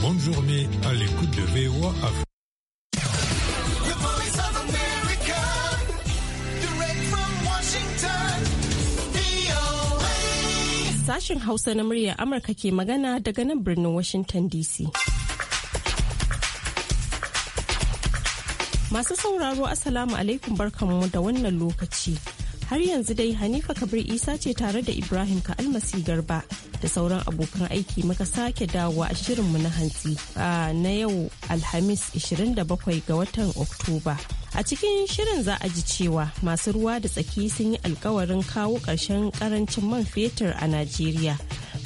Bonne journée à l'écoute de VOA Afrique. Sashen Hausa na muryar Amurka ke magana daga nan birnin Washington DC. Masu sauraro Assalamu alaikum barkanmu da wannan lokaci. har yanzu dai hanifa kabir isa ce tare da ibrahim ka almasi garba da sauran abokan aiki muka sake dawo a shirinmu na hantsi na yau alhamis 27 ga watan oktoba a cikin shirin za a ji cewa masu ruwa da tsaki sun yi alkawarin kawo ƙarshen karancin man fetur a najeriya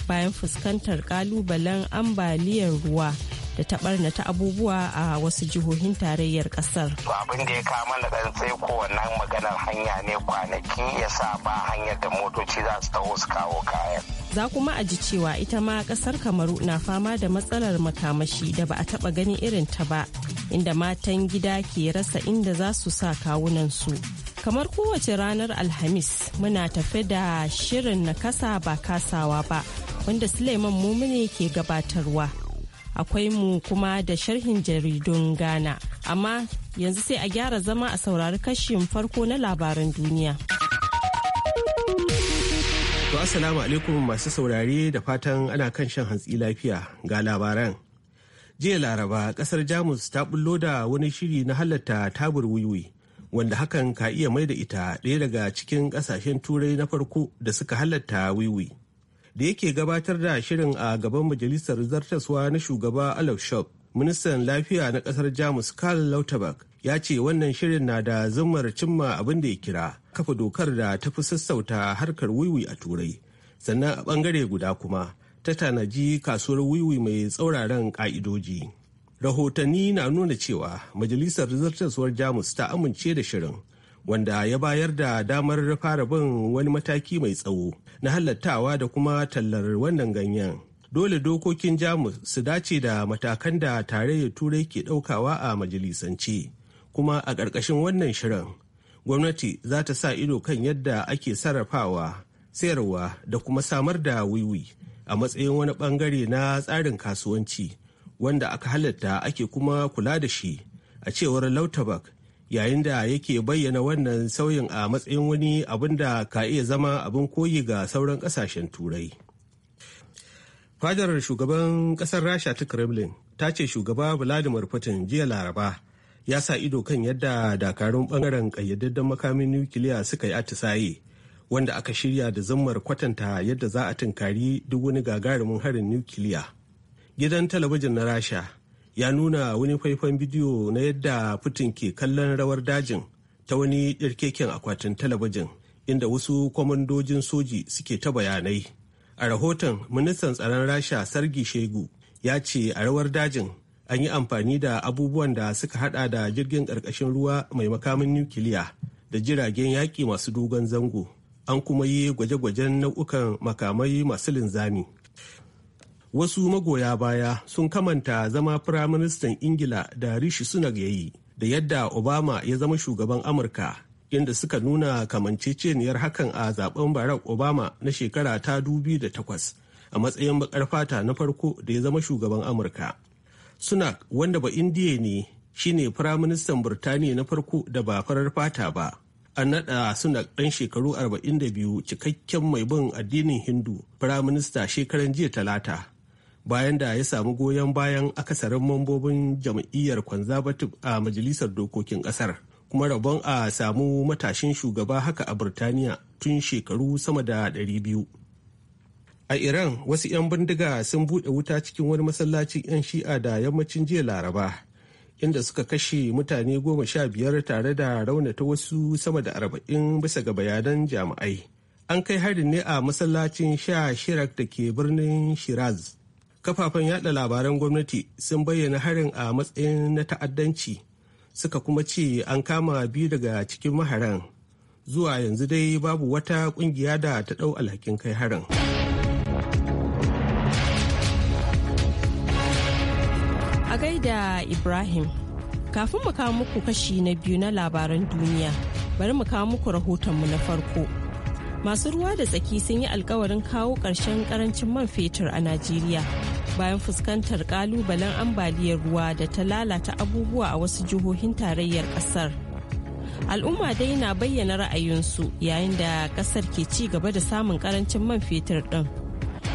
bayan fuskantar kalubalen ambaliyar ruwa da ta barnata abubuwa a wasu jihohin tarayyar kasar. abin da ya kama da ɗan sai ko wannan maganar hanya ne kwanaki ya sa ba hanyar da motoci za su taho su kawo kayan. za kuma a ji cewa ita ma kasar kamaru na fama da matsalar makamashi da ba a taba gani irin ta ba inda matan gida ke rasa inda za su sa kawunan su kamar kowace ranar alhamis muna tafe da shirin na kasa ba kasawa ba wanda suleiman mumini ke gabatarwa akwai mu kuma da sharhin jaridun Ghana. Amma yanzu sai a gyara zama a saurari kashin farko na labaran duniya. To Assalamu alaikum masu saurare da fatan ana kan shan hantsi lafiya ga labaran. Jiya Laraba kasar Jamus ta bullo da wani shiri na halatta tabur wiwi wanda hakan ka iya mai da ita ɗaya daga cikin ƙasashen turai na farko da suka halatta wiwi. da yake gabatar da shirin a gaban majalisar zartaswa na shugaba Olaf Shop. Ministan Lafiya na kasar Jamus Karl Lauterbach ya ce wannan shirin na da zumar cimma abin da ya kira kafa dokar da ta fi sassauta harkar wiwi a Turai. Sannan a ɓangare guda kuma ta tanaji kasuwar wiwi mai tsauraran ƙa'idoji. Rahotanni na nuna cewa Majalisar Zartaswar Jamus ta amince da shirin. wanda ya bayar da damar fara bin wani mataki mai tsawo na halattawa da kuma tallar wannan ganyen dole dokokin jamus su dace da matakan da tarayyar turai ke daukawa a majalisance kuma a ƙarƙashin wannan shirin gwamnati za ta sa ido kan yadda ake sarrafawa sayarwa da kuma samar da wiwi a matsayin wani bangare na tsarin kasuwanci wanda aka halatta ake kuma kula da shi a cewar lautabak yayin da yake bayyana wannan sauyin a matsayin wani abin da ka iya zama abin koyi ga sauran kasashen turai fadar shugaban kasar rasha ta kremlin ta ce shugaba vladimir putin jiya laraba ya sa ido kan yadda dakarun bangaren kayyadaddun makamin nukiliya suka yi atisaye wanda aka shirya da zammar kwatanta yadda za a tunkari duk wani gagarumin harin nukiliya gidan talabijin na rasha ya nuna wani faifan bidiyo na yadda putin ke kallon rawar dajin ta wani ɗirkeken akwatin talabijin inda wasu kwamandojin soji suke ta bayanai a rahoton ministan tsaron rasha sargi shegu ya ce a rawar dajin an yi amfani da abubuwan da suka hada da jirgin ƙarƙashin ruwa mai makamin nukiliya da jiragen yaki masu dogon zango an kuma yi gwaje-gwajen nau'ukan makamai masu linzami wasu magoya baya sun kamanta zama firaministan ingila da rishi sunak ya yi da yadda obama ya zama shugaban amurka inda suka nuna kamance ceniyar hakan a zaben barack obama na shekara ta dubi da takwas a matsayin bakar fata na farko da ya zama shugaban amurka sunak wanda ba indiya ne shine firaministan Birtaniya na farko da ba farar fata ba an naɗa sunak ɗan shekaru 42 cikakken mai bin addinin hindu firaminista shekaran jiya talata bayan da ya samu goyon bayan akasarin mambobin jam'iyyar conservative a majalisar dokokin kasar kuma rabon a samu matashin shugaba haka a birtaniya tun shekaru sama da 200 a iran wasu 'yan bindiga sun bude wuta cikin wani masallacin 'yan shi'a da yammacin jiya laraba inda suka kashe mutane goma sha biyar tare da raunata wasu sama da arba'in bisa ga bayanan jami'ai an kai harin ne a masallacin sha shirak da ke birnin shiraz kafafen yada labaran gwamnati sun bayyana harin a matsayin na ta'addanci suka kuma ce an kama biyu daga cikin maharan zuwa yanzu dai babu wata kungiya da ta ɗau alhakin kai harin a gaida ibrahim kafin mu kawo muku kashi na biyu na labaran duniya bari mu kawo muku rahotonmu na farko masu ruwa da tsaki sun yi alkawarin kawo ƙarshen ƙarancin man fetur a najeriya bayan fuskantar kalubalen ambaliyar ruwa da ta lalata abubuwa a wasu jihohin tarayyar kasar al'umma dai na bayyana ra'ayinsu yayin da kasar ke ci gaba da samun karancin man fetur din.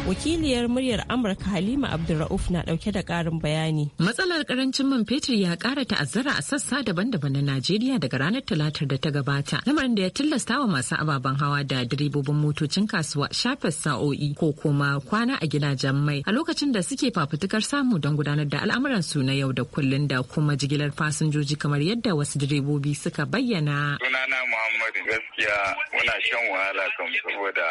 wakiliyar muryar amurka halima abdulra'uf na dauke da karin bayani matsalar karancin man fetur ya kara ta'azzara a sassa daban-daban na najeriya daga ranar talatar da ta gabata lamarin da ya tilasta wa masu ababen hawa da direbobin motocin kasuwa shafe sa'o'i ko kuma kwana a gidajen mai a lokacin da suke fafutukar samu don gudanar da al'amuran su na yau da kullun da kuma jigilar fasinjoji kamar yadda wasu direbobi suka bayyana sunana muhammadu gaskiya muna shan wahala kan saboda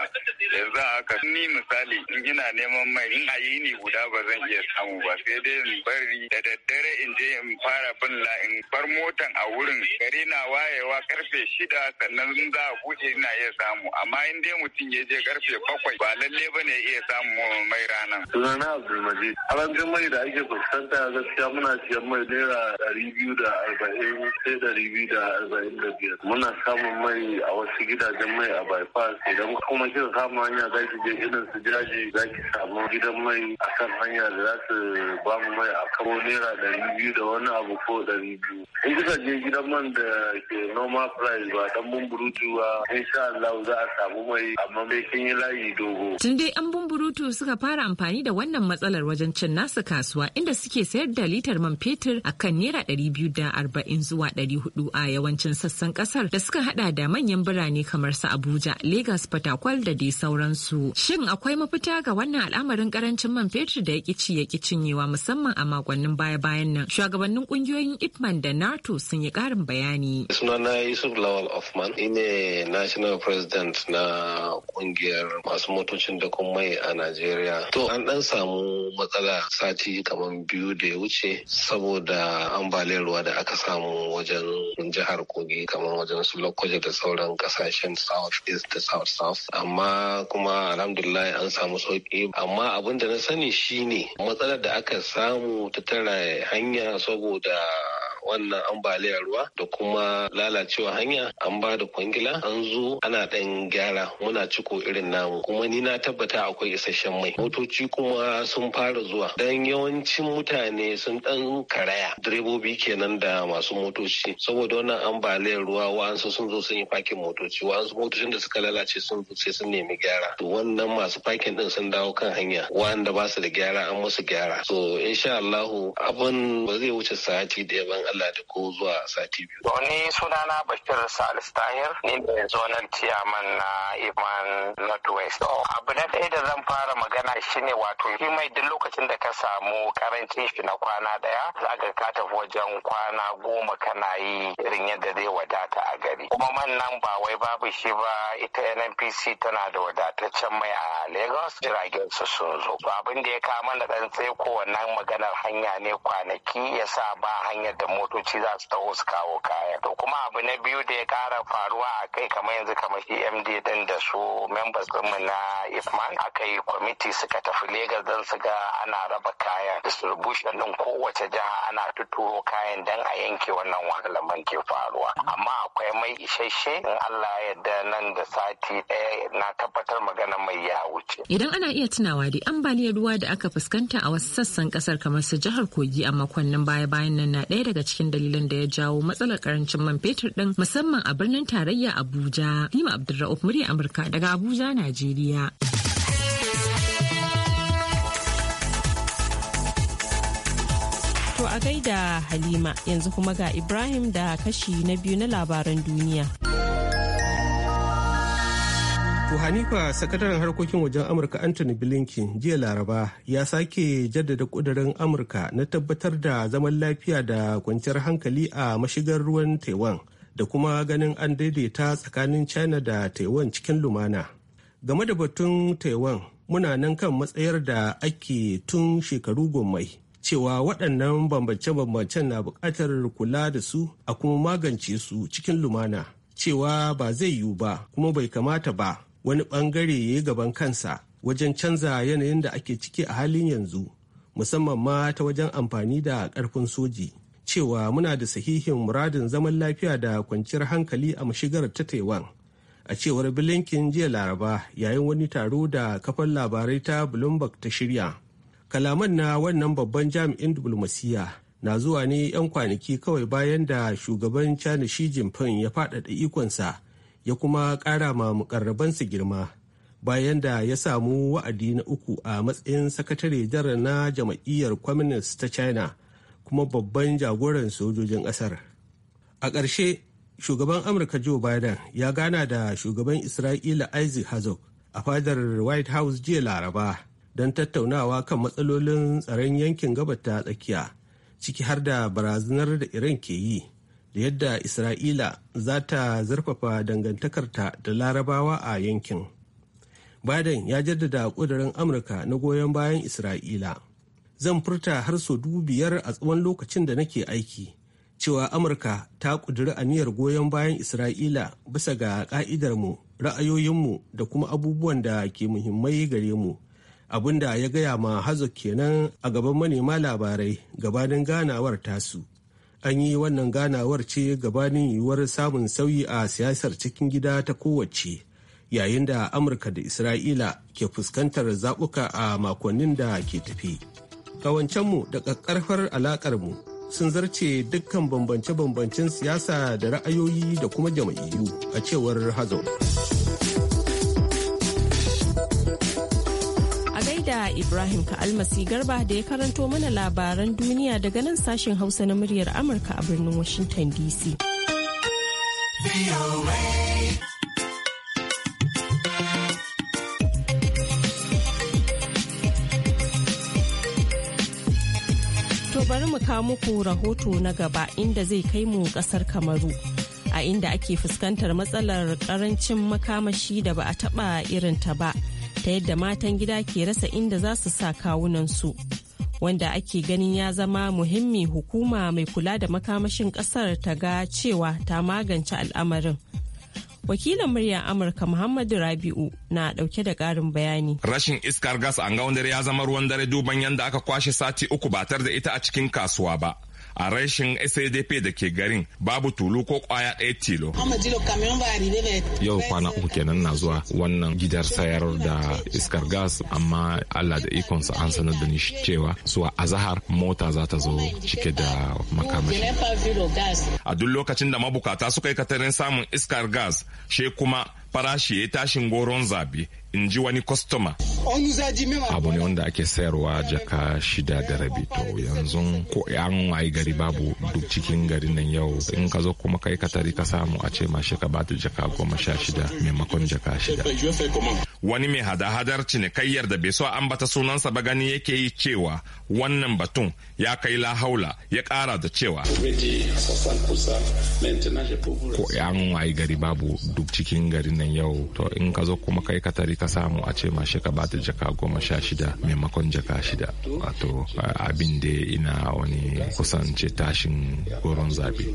yanzu haka ni misali ina neman mai in a yi ni guda ba zan iya samu ba sai dai in bari da daddare in je in fara bin la in bar motan a wurin gari na wayewa karfe shida sannan in za a buɗe ina iya samu amma in dai mutum ya je karfe bakwai ba lalle ba ne iya samu mai rana. Sunana Abdulmaji, alangan mai da ake fuskanta gaskiya muna siyan mai naira ɗari biyu da arba'in sai ɗari biyu da arba'in da biyar. Muna samun mai a wasu gidajen mai a bypass idan kuma kika kama hanya za ki je irin su jaji za ki samu gidan mai a kan hanya da za su ba mu mai a kamo naira ɗari biyu da wani abu ko ɗari biyu. In kika je gidan man da ke normal price ba dan bumburutu ba sha Allah za a samu mai amma mai kin yi layi dogo. Tun dai yan bumburutu suka fara amfani da wannan matsalar wajen cin nasu kasuwa inda suke sayar da litar man fetur a kan naira ɗari biyu da arba'in zuwa ɗari hudu a yawancin sassan ƙasar da suka haɗa da manyan birane kamar su Abuja, Legas, Fatakwal da dai sauransu. Shin akwai mafita Duba ga wannan al'amarin karancin man fetur da ya kici ya cinyewa musamman a makonnin baya-bayan nan. Shugabannin ƙungiyoyin IPMAN da NATO sun yi karin bayani. Sunana Yusuf Lawal Ofman, ine National President na kungiyar masu motocin da kuma mai a Najeriya. To an dan samu matsala sati kamar biyu da ya wuce saboda ambaliyar ruwa da aka samu wajen jihar Kogi kamar wajen su Lokoja da sauran kasashen South East da South South. Amma kuma alhamdulillah an samu sauƙi amma abin da na sani shine matsalar da aka samu ta tara hanya saboda wannan ambaliyar ruwa da kuma lalacewa hanya an ba da kwangila an zo ana ɗan gyara muna ciko irin namu kuma ni na tabbata akwai isasshen mai motoci kuma sun fara zuwa dan yawancin mutane sun ɗan karaya direbobi kenan da masu motoci saboda wannan ambaliyar ruwa wa'ansu sun zo sun yi fakin motoci wa'ansu motocin da suka lalace sun sai sun nemi gyara to wannan masu fakin din sun dawo kan hanya wa'anda ba su da gyara an musu gyara so insha Allahu abin ba zai wuce sati da ban Allah da ko zuwa sati biyu. To ni sunana Bashir Salisu Tahir ni ne zonal ciyaman na Iman Northwest. Abu na ɗaya da zan fara magana shine wato shi mai duk lokacin da ka samu karancin shi na kwana ɗaya za ka ka wajen kwana goma kana yi irin yadda zai wadata a gari. Kuma man nan ba wai babu shi ba ita NNPC tana da wadataccen mai a Lagos jiragen su sun zo. Abin da ya kama na ɗan tsaiko wannan maganar hanya ne kwanaki ya sa ba hanyar da mu motoci za su taho su kawo kaya to kuma abu na biyu da ya kara faruwa a kai kamar yanzu kamar e md din da su members dinmu na ifman aka yi kwamiti suka tafi legas don su ga ana raba kaya distribution din kowace jiha ana tuturo kayan don a yanke wannan wahalar man ke faruwa amma akwai mai isasshe in allah yarda nan da sati ɗaya na tabbatar magana mai ya wuce idan ana iya tunawa da ambaliyar ruwa da aka fuskanta a wasu sassan kasar kamar su jihar kogi a makonnin baya-bayan nan na ɗaya daga cikin dalilan da ya jawo matsalar karancin man fetur din musamman a birnin tarayya Abuja. Lima Abdulra'uf murya Amurka daga Abuja, Najeriya. To a gaida Halima yanzu kuma ga Ibrahim da kashi na biyu na labaran duniya. To Hanifa sakataren harkokin wajen Amurka Anthony Blinken jiya Laraba ya sake jaddada kudirin Amurka na tabbatar da zaman lafiya da kwanciyar hankali a mashigar ruwan Taiwan da kuma ganin an daidaita tsakanin China da Taiwan cikin lumana. Game da batun Taiwan muna nan kan matsayar da ake tun shekaru gommai cewa waɗannan bambance-bambancen na buƙatar kula da su a kuma magance su cikin lumana cewa ba zai yiwu ba kuma bai kamata ba wani bangare ya yi gaban kansa wajen canza yanayin da ake ciki a halin yanzu musamman ma ta wajen amfani da karfin soji cewa muna da sahihin muradin zaman lafiya da kwanciyar hankali a mashigar ta taiwan a cewar bilinkin jiya laraba yayin wani taro da kafar labarai ta bloomberg ta shirya kalaman na wannan babban jami'in diplomasiyya na zuwa ne 'yan kwanaki kawai bayan da shugaban china shi jinping ya faɗaɗa ikonsa ya kuma ƙara ma mukarrabansa girma bayan da ya samu wa'adi na uku a matsayin sakatare jarar na jam'iyyar communist ta china kuma babban jagoran sojojin ƙasar a ƙarshe shugaban amurka joe biden ya gana da shugaban isra'ila isaac herzog a fadar white house jiya laraba don tattaunawa kan matsalolin tsaron yankin gabata tsakiya ciki har da barazanar da iran ke yi da yadda isra'ila za ta zarfafa dangantakarta da larabawa a yankin biden ya jaddada ƙudurin amurka na goyon bayan isra'ila zan furta har sau so biyar a tsawon lokacin da nake aiki cewa amurka ta ƙudiri aniyar goyon bayan isra'ila bisa ga mu ra'ayoyinmu da kuma abubuwan da ke muhimmai gare mu abinda ya gaya ma hazo kenan a gaban manema labarai gabanin ganawar tasu an yi wannan ganawar ce gabanin yiwuwar samun sauyi a siyasar cikin gida ta kowace yayin da amurka da isra'ila ke fuskantar zaɓuka a makonnin da ke tafi kawancenmu da ƙaƙƙarfar alaƙarmu sun zarce dukkan bambance-bambancen siyasa da ra'ayoyi da kuma jam'iyyu a cewar hazo ida Ibrahim Ka'almasi Garba da ya karanto mana labaran duniya daga nan sashen Hausa na muryar Amurka a birnin Washington DC. To bari mu kawo muku rahoto na gaba inda zai kai mu kasar Kamaru. A inda ake fuskantar matsalar karancin makamashi da ba a taba ta ba. ta yadda matan gida ke rasa inda za su sa kawunansu wanda ake ganin ya zama muhimmi hukuma mai kula da makamashin kasar ta ga cewa ta magance al'amarin wakilin muryar amurka muhammadu rabi'u na dauke da karin bayani rashin iskar gas a dare ya zama ruwan dare duban yadda aka kwashe sati uku ba tar da ita a cikin kasuwa ba a rashin SADP da ke garin babu tulu ko kwaya ɗaya tilo. Yau kwana uku kenan na zuwa wannan gidar sayar da iskar gas amma Allah da ikonsa an sanar da ni cewa a azahar mota za ta zo cike da makamashi. A duk lokacin da mabukata suka yi katarin samun iskar gas she kuma farashi ya tashin goron zaɓe. in ji wani kwastoma abu ne wanda ake sayarwa jaka shida da rabi to yanzu ko an wayi gari babu duk cikin garin nan yau in ka zo kuma kai ka ka samu a ce mashi ka bata jaka goma sha shida maimakon jaka shida wani mai hada-hadar cinikayyar da bai so bata sunansa ba gani yake yi cewa wannan batun ya kai lahaula ya kara da cewa ko an wayi gari babu duk cikin garin nan yau to in ka zo kuma kai ka ka samu a ce ma shi ba bata jaka goma sha shida maimakon jaka shida wato abin da ina wani kusance tashin goron zabe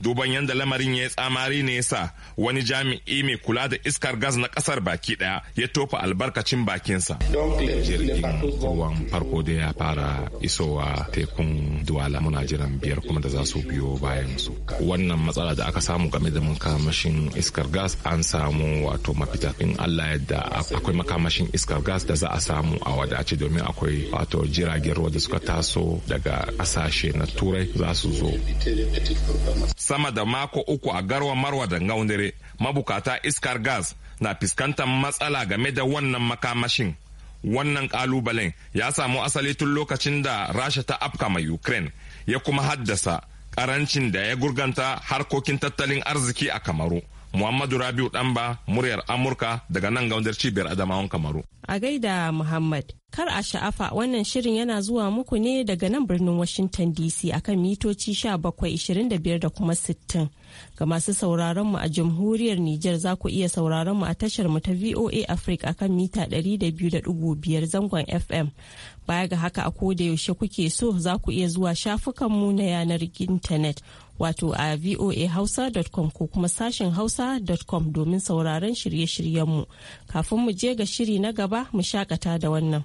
duban yadda lamarin ya yi tsamari ne yasa wani jami'i mai kula da iskar gas na kasar baki daya ya tofa albarkacin bakinsa jirgin ruwan farko da ya fara isowa tekun duwala muna jiran biyar kuma da za su biyo bayan su wannan matsala da aka samu game da mun makamashin iskar gas an sa samu wato mafita in Allah yadda akwai makamashin iskar gas da za a samu a wadace domin akwai wato jiragen ruwa da suka taso daga kasashe na turai za su zo sama da mako uku a garwa marwa da ngaundare mabukata iskar gas na fuskantar matsala game da wannan makamashin wannan kalubalen ya samu asali tun lokacin da rasha ta afka mai ukraine ya kuma haddasa karancin da ya gurganta harkokin tattalin arziki a kamaru Muhammadu Rabiu Ɗanba muryar Amurka daga nan gaundar cibiyar Adamawan Kamaru. A gaida Muhammad, kar a sha'afa wannan shirin yana zuwa muku ne daga nan birnin Washington DC akan mitoci 1725 da kuma 60. Ga masu sauraron mu a jamhuriyar Nijar za ku iya sauraron mu a tashar mu ta VOA Africa akan mita 200.5 zangon FM. Baya ga haka a koda yaushe kuke so za ku iya zuwa shafukanmu na yanar intanet. wato a voahausa.com ko kuma sashen hausa.com domin sauraron shirye-shiryenmu. Kafin mu je ga shiri na gaba mu shakata da wannan.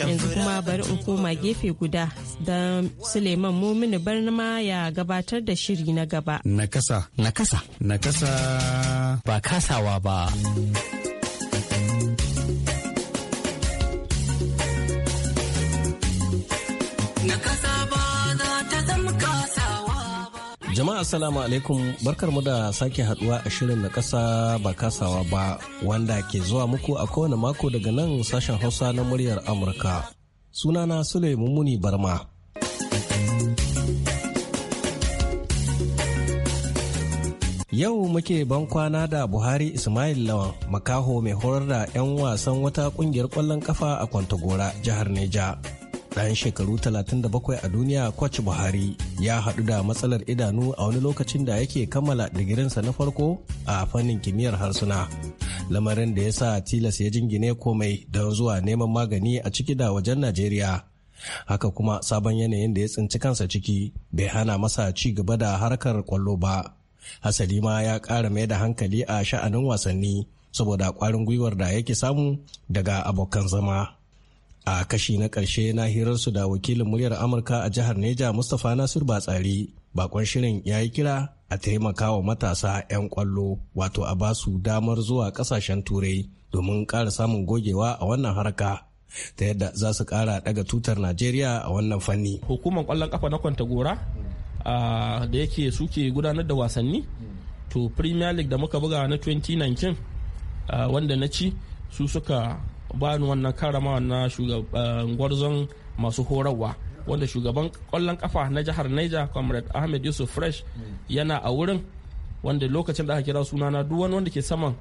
yanzu kuma bari in koma gefe guda don suleiman mumini barnama ya gabatar da shiri na gaba nakasa nakasa nakasa ba kasawa ba Jama'a assalamu alaikum barkar mu da sake haduwa a shirin na kasa ba kasawa ba wanda ke zuwa muku a kowane mako daga nan sashen Hausa na muryar Amurka. Sunana Sule Mummuni Barma. Yau muke ban kwana da Buhari Ismail Lawan makaho mai horar da 'yan wasan wata kungiyar kwallon kafa a Kwantagora, jihar Neja. Ɗan shekaru 37 a duniya Kwaci Buhari ya haɗu da matsalar idanu a wani lokacin da yake kammala digirinsa na farko a fannin kimiyyar harsuna. Lamarin da ya sa tilas ya jingine komai don zuwa neman magani a ciki da wajen Najeriya. Haka kuma sabon yanayin da ya tsinci kansa ciki bai hana masa ci gaba da harkar kwallo ba. Hasali ma ya ƙara mai da hankali a sha'anin wasanni saboda ƙwarin gwiwar da yake samu daga abokan zama. a kashi na ƙarshe na hirarsu da wakilin muryar amurka a jihar neja mustapha nasir batsari bakon shirin ya yi kira a taimaka wa matasa 'yan kwallo wato a basu damar zuwa kasashen turai domin ƙara samun gogewa a wannan harka ta yadda za su kara daga tutar najeriya a wannan fanni hukumar kwallon kafa na gora da yake suke gudanar da wasanni to premier league da muka buga na 2019 wanda na ci su suka bani wannan karama na shugaban eh, gwarzon masu horarwa wanda shugaban kwallon kafa na jihar Niger comrade Ahmed Yusuf Fresh yana a wurin wanda lokacin da aka kira suna duk wani wanda ke saman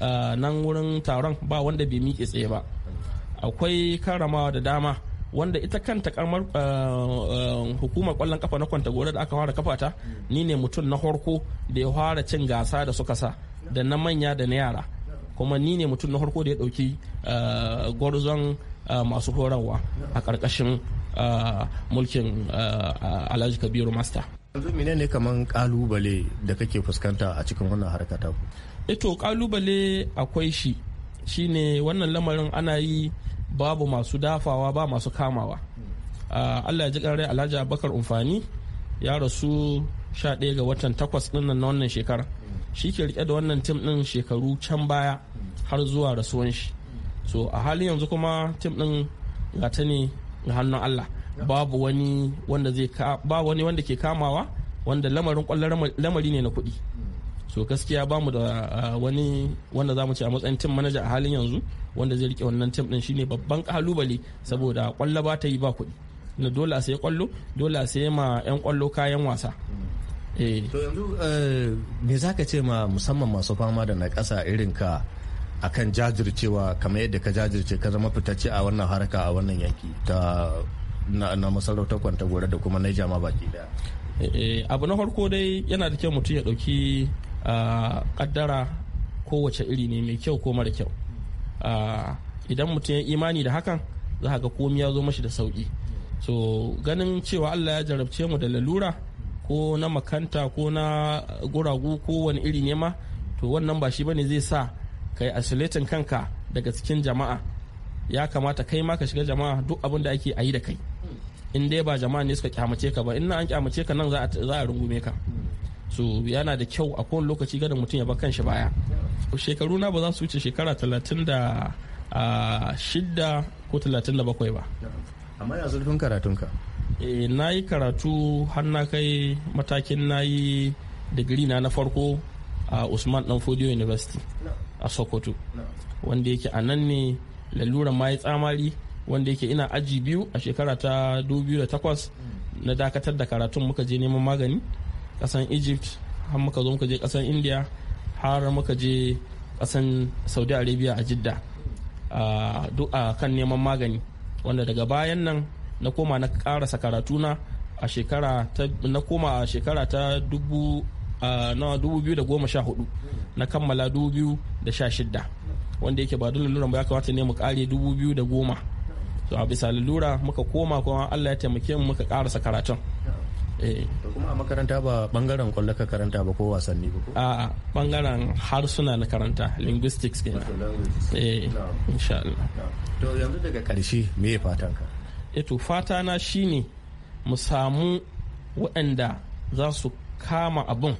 eh, nan wurin taron ba wanda bai miƙe tsaye ba akwai karamawa da dama wanda ita kanta karamar eh, hukumar kwallon kafa na kwanta gore da aka fara kafa ta ni ne mutum na farko da ya fara cin gasa da suka sa da na manya da na yara kuma ni ne mutum na harko da ya ɗauki eh, gwarzon eh, masu horarwa a karkashin eh, mulkin alhaji kabiru master yanzu menene kaman kalubale da kake fuskanta a cikin wannan harka ta ito kalubale akwai shi shine wannan lamarin ana yi babu masu dafawa ba masu kamawa allah ya ji rai alhaji abubakar umfani ya rasu sha ɗaya ga watan takwas ɗin na wannan shekara shi ke rike da wannan tim din shekaru can baya har zuwa rasuwan shi so a halin yanzu kuma tim din ga ta ne ga hannun Allah babu wani wanda zai ba wani wanda ke kamawa wanda lamarin kwallon lamari ne na kuɗi so gaskiya ba mu da wani wanda za mu ce a matsayin tim manaja a halin yanzu wanda zai rike wannan tim din shine babban kalubale saboda kwallo ba ta yi ba kuɗi na dole a sayi kwallo dole a sayi ma yan kwallo kayan wasa Eh. to yanzu eh, me za ka ce ma musamman masu fama da na ƙasa irin ka a kan jajircewa kamar yadda ka jajirce ka zama fitacce a wannan harka a wannan yanki ta na, na kwanta gore da kuma naija ma baki daya eh, abu na farko dai yana da kyau mutum ya ɗauki kaddara kowace iri ne mai kyau ko mara kyau idan mutum ya imani da hakan za ga komi ya zo mashi da sauƙi so ganin cewa allah ya jarabce mu da lalura ko na makanta ko na guragu ko wani iri ne ma to wannan ba shi bane zai sa ka yi isolating kanka daga cikin jama'a ya kamata kai ma ka shiga jama'a duk abin da ake ayi da kai in dai ba jama'a ne suka kyamace ka ba in an kyamace ka nan za a rungume ka so yana da kyau a kowane lokaci gada mutum ya ba kanshi baya shekaru na ba za su wuce shekara talatin da ah, shidda ko talatin da bakwai ba amma ya zurfin karatunka e, eh, na yi karatu har na kai matakin na yi digiri na na farko a usman danfodiyo university a sokoto wanda yake a nan ne lalura ma ya tsamari wanda yake ina aji biyu a shekara ta 2008 na dakatar da karatun muka je neman magani kasan egypt har muka zo muka je kasan india har muka je kasan saudi arabia a jidda duk a kan neman magani wanda daga bayan nan na koma na karasa karatuna a shekara ta na koma a shekara ta dubu na dubu biyu da goma sha hudu na kammala dubu biyu da sha shidda wanda yake ba dole lura ba ya kamata ne mu kare dubu biyu da goma to a bisa lura muka koma kuma Allah ya taimake mu muka karasa karatun eh. to kuma a makaranta ba bangaren kwallo ka karanta ba ko wasanni ba ko a bangaren harsuna na karanta linguistics kenan eh insha Allah to yanzu daga karshe me ya fatan ka eto fata na shine mu samu waɗanda za su kama abin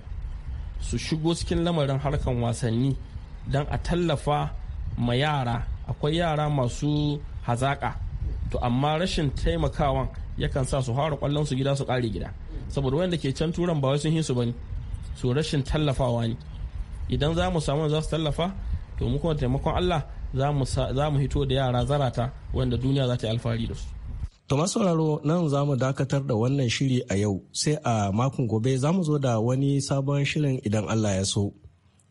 su shigo cikin lamarin harkan wasanni don a tallafa ma yara akwai yara masu hazaƙa to amma rashin taimakawan yakan sa su fara kwallon su gida su ƙare gida saboda wanda ke can turan ba sun hisu ne su rashin tallafawa ne idan za mu samu za su tallafa to mu kuma taimakon Allah za mu hito da yara zarata wanda duniya za ta yi alfahari da su To sauraro nan za mu dakatar da wannan shiri a yau sai a makon gobe za mu zo da wani sabon shirin idan Allah ya so.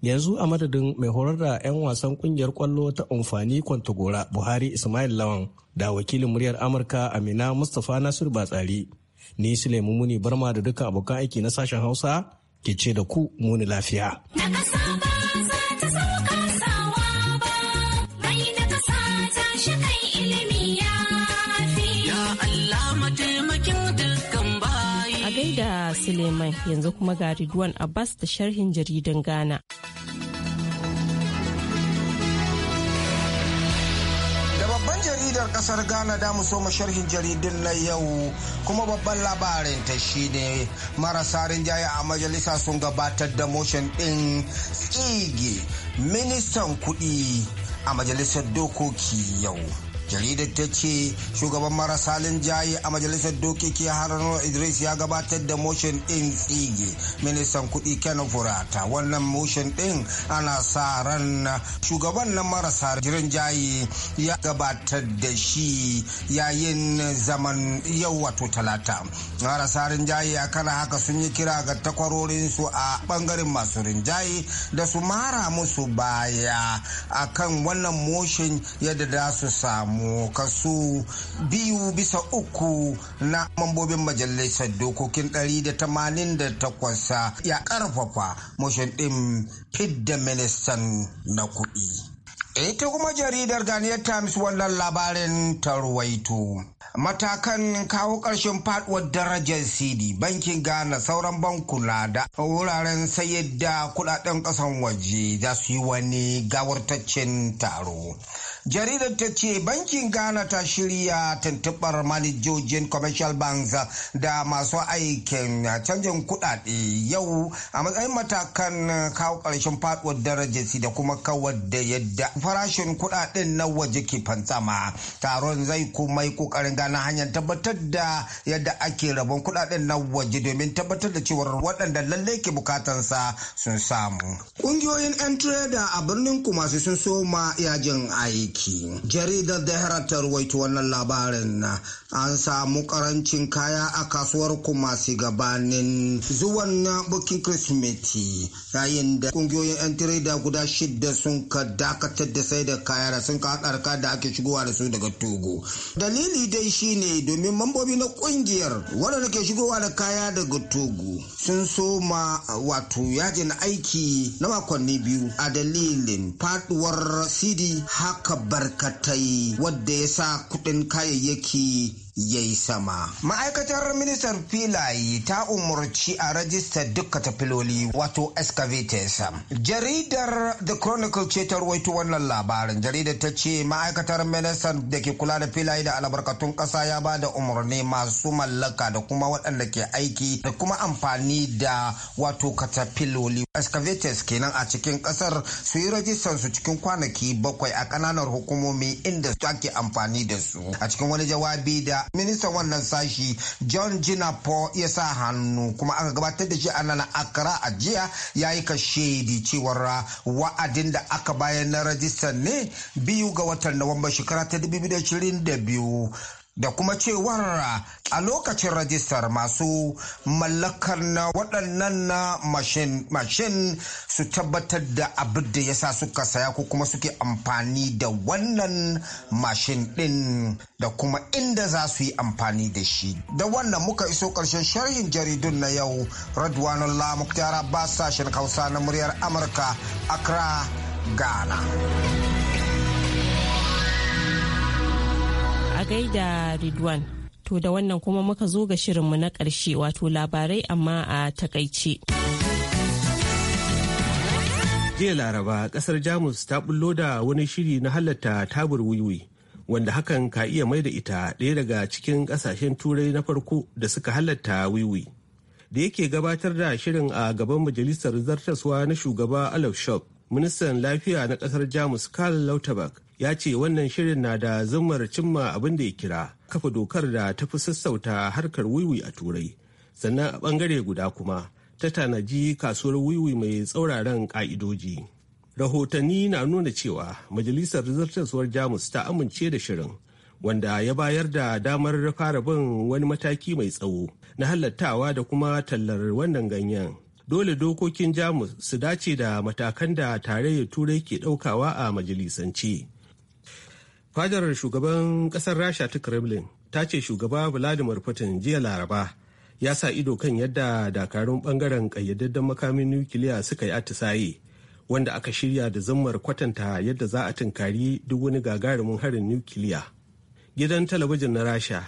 Yanzu a madadin mai horar da 'yan wasan kungiyar kwallo ta amfani kwantagora Buhari Ismail Lawan da wakilin muryar Amurka Amina Mustapha Nasiru Batsari. Ni Sulaimu Muni Barma da duka abokan aiki na sashen Hausa ke ce da ku muni lafiya. da Suleiman yanzu kuma ga Ridwan Abbas da sharhin jaridan Ghana. Da babban jaridar kasar ghana da so sharhin jaridun na yau kuma babban labarin ta ne marasa rinjaye a majalisa sun gabatar da motion ɗin tsige ministan kuɗi a majalisar dokoki yau jaridar ta ce shugaban marasa linjaye a majalisar dokoki harano idris ya gabatar da motion din tsige ministan kudi ken furata wannan motion din ana sa ran shugaban na marasa linjaye ya gabatar da shi yayin zaman yau wato talata marasa rinjaye a kana haka sun yi kira ga takwarorinsu a bangaren masu rinjaye da su mara musu baya akan wannan motion yadda za su samu samu kaso biyu bisa uku na mambobin majalisar dokokin da 188 ya karfafa motion ɗin fidda ministan na kuɗi. Ita kuma jaridar ta Times wannan labarin ta ruwaito. Matakan kawo ƙarshen faɗuwar darajar CD, bankin Ghana sauran bankuna da wuraren sayar da kudaden ƙasan waje za su yi wani gawartaccen taro. jaridar ta ce bankin ghana ta shirya tuntubar manajojin commercial banks da masu aikin canjin kudade yau a matsayin matakan kawo karshen faduwar darajarsi da kuma kawar da yadda farashin kudaden na waje ke fantsama taron zai kuma yi kokarin gane hanyar tabbatar da yadda ake rabon kudaden na waje domin tabbatar da cewar waɗanda lalle ke bukatansa sun samu ƙungiyoyin 'yan tireda a birnin kumasi sun soma yajin aiki aiki. Jaridar dahara ta ruwaito wannan labarin na an samu karancin kaya a kasuwar Kumasi gabanin zuwan bukin Kirsimeti yayin da kungiyoyin 'yan tireda guda shida sun ka dakatar da sai da kaya da sun ka da ake shigowa da su daga Togo. Dalili dai shi ne domin mambobi na kungiyar waɗanda ke shigowa da kaya daga Togo sun soma wato yajin aiki na makonni biyu a dalilin faduwar sidi haka barkatai wadda ya sa kudin kayayyaki ya yi sama. Ma'aikatar ministar filaye ta umarci a rajistar duka tafiloli wato excavators. Jaridar The Chronicle ce ta ruwaito wannan labarin. Jaridar ta ce ma'aikatar ministan da ke kula da filaye da albarkatun ƙasa ya ba da umarni masu mallaka da kuma waɗanda ke aiki da kuma amfani da wato katafiloli. Excavators kenan a cikin ƙasar su yi rajistar su cikin kwanaki bakwai a ƙananan hukumomi inda ake amfani da su. A cikin wani jawabi da ministan wannan sashi john jinapo ya sa hannu kuma aka gabatar da shi a nan akara a jiya ya yi shaidi cewar uh, wa'adin da aka bayar na rajistar ne biyu ga watan nawamba shekara ta 2022 da kuma cewar a lokacin rajistar masu mallakar na waɗannan na mashin su tabbatar da abin da ya sa suka saya ko kuma suke amfani da wannan mashin ɗin da kuma inda za su yi amfani da shi da wannan muka iso ƙarshen sharhin jaridun na yau radwanullah muktar ba sashen hausa na muryar amurka accra ghana gaida Ridwan. To da wannan kuma muka zo ga shirinmu na ƙarshe wato labarai amma a takaice. Jiya Laraba ƙasar Jamus ta bullo da wani shiri na halatta tabur wiwi wanda hakan ka iya mai da ita ɗaya daga cikin ƙasashen turai na farko da suka halatta wiwi. Da yake gabatar da shirin a gaban majalisar zartaswa na shugaba Olaf Shop, ministan lafiya na ƙasar Jamus Karl Lauterbach ya ce wannan shirin na da zumar cimma abin da ya kira kafa dokar da ta fi sassauta harkar wiwi a turai sannan a bangare guda kuma ta tanaji kasuwar wiwi mai tsauraran ka'idoji rahotanni na nuna cewa majalisar zartaswar jamus ta amince da shirin wanda ya bayar da damar fara bin wani mataki mai tsawo na halattawa da kuma tallar wannan ganyen dole dokokin jamus su dace da matakan da tarayyar turai ke daukawa a majalisance fadar shugaban kasar rasha ta kremlin ta ce shugaba vladimir putin jiya laraba ya sa ido kan yadda dakarun bangaren kayyadaddun makamin nukiliya suka yi atisaye wanda aka shirya da zammar kwatanta yadda za a tunkari duk wani gagarumin harin nukiliya gidan talabijin na rasha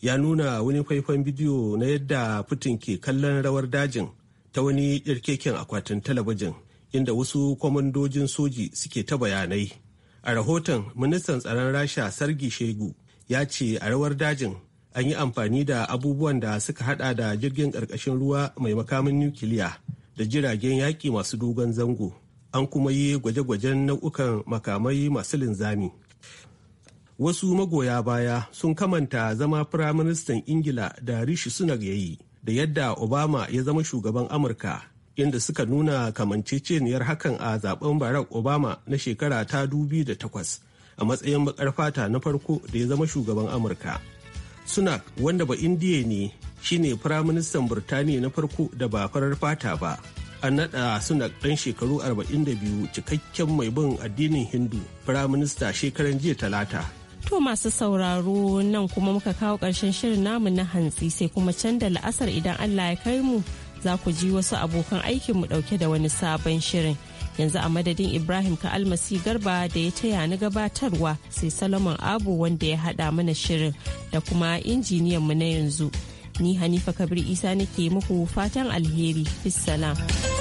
ya nuna wani faifan bidiyo na yadda putin ke kallon rawar dajin ta wani irkeken akwatin talabijin inda wasu kwamandojin soji suke ta bayanai a rahoton ministan tsaron rasha sargi shegu ya ce a rawar dajin an yi amfani da abubuwan da suka hada da jirgin ƙarƙashin ruwa mai makamin nukiliya da jiragen yaƙi masu dogon zango an kuma yi gwaje-gwajen nau'ukan makamai masu linzami wasu magoya baya sun kamanta zama firaministan ingila da rishi sunak ya yi da yadda obama ya zama shugaban amurka inda suka nuna kamanceceniyar hakan a zaben barack obama na shekara ta da takwas a matsayin bakar fata na farko da ya zama shugaban amurka sunak wanda ba indiya ne shine firaministan burtaniya na farko da ba farar fata ba an naɗa sunak ɗan shekaru 42 cikakken mai bin addinin hindu firaminista shekaran jiya talata To masu sauraro nan kuma muka kawo ƙarshen shirin namu na hantsi sai kuma can da la'asar idan Allah ya kai mu za ku ji wasu abokan aikinmu ɗauke da wani sabon shirin. Yanzu a madadin Ibrahim ka almasi garba da ya taya ni gabatarwa sai salomon Abu wanda ya haɗa mana shirin da kuma injiniyan mu na yanzu. Ni Hanifa Kabir Isa nake muku fatan alheri. Fissalam.